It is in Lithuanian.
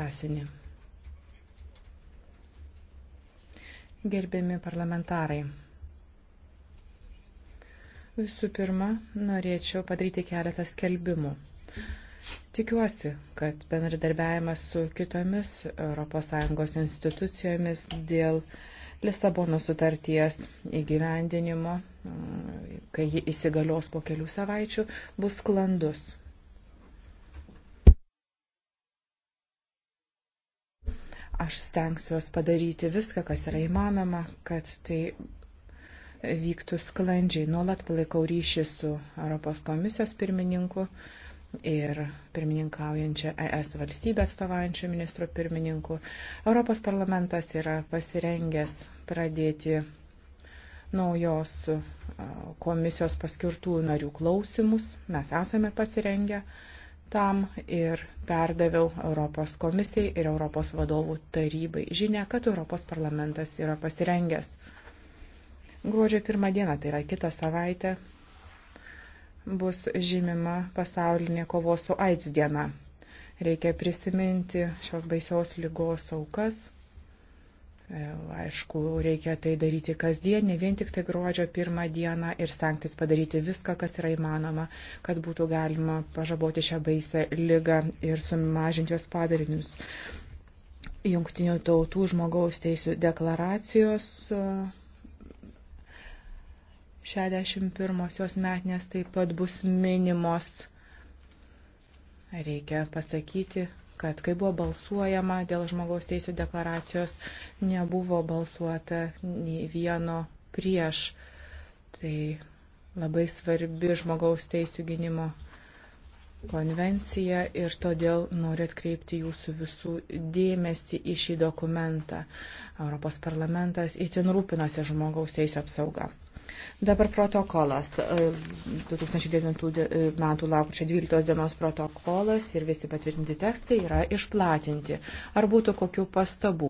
esinį. Gerbiami parlamentarai. Visų pirma, norėčiau padaryti keletą skelbimų. Tikiuosi, kad bendradarbiavimas su kitomis ES institucijomis dėl Lisabono sutarties įgyvendinimo, kai ji įsigalios po kelių savaičių, bus sklandus. Aš stengsiuos padaryti viską, kas yra įmanoma, kad tai vyktų sklandžiai. Nuolat palaikau ryšį su Europos komisijos pirmininku ir pirmininkaujančia ES valstybė atstovaujančiu ministru pirmininku. Europos parlamentas yra pasirengęs pradėti naujos komisijos paskirtų narių klausimus. Mes esame pasirengę. Uh, tam ir perdaviau Europos komisijai ir Europos vadovų tarybai žinę, kad Europos parlamentas yra pasirengęs. Gruodžio pirmą dieną, tai yra kitą savaitę, bus žymima pasaulinė kovos su AIDS diena. Reikia prisiminti šios baisios lygos aukas E, aišku, reikia tai daryti kasdien, ne vien tik tai gruodžio pirmą dieną ir stengtis padaryti viską, kas yra įmanoma, kad būtų galima pažaboti šią baisę lygą ir sumažinti jos padarinius. Jungtinių tautų žmogaus teisų deklaracijos 61-osios e, metinės taip pat bus minimos. Reikia pasakyti, kad kai buvo balsuojama dėl žmogaus teisų deklaracijos, nebuvo balsuota nei vieno prieš. Tai labai svarbi žmogaus teisų gynimo konvencija ir todėl noriu atkreipti jūsų visų dėmesį į šį dokumentą. Europos parlamentas įtin rūpinosi žmogaus teisų apsauga. Dabar protokolas. 2009 e, e, metų lapkričio 12 dienos protokolas ir visi patvirtinti tekstai yra išplatinti. Ar būtų kokių pastabų?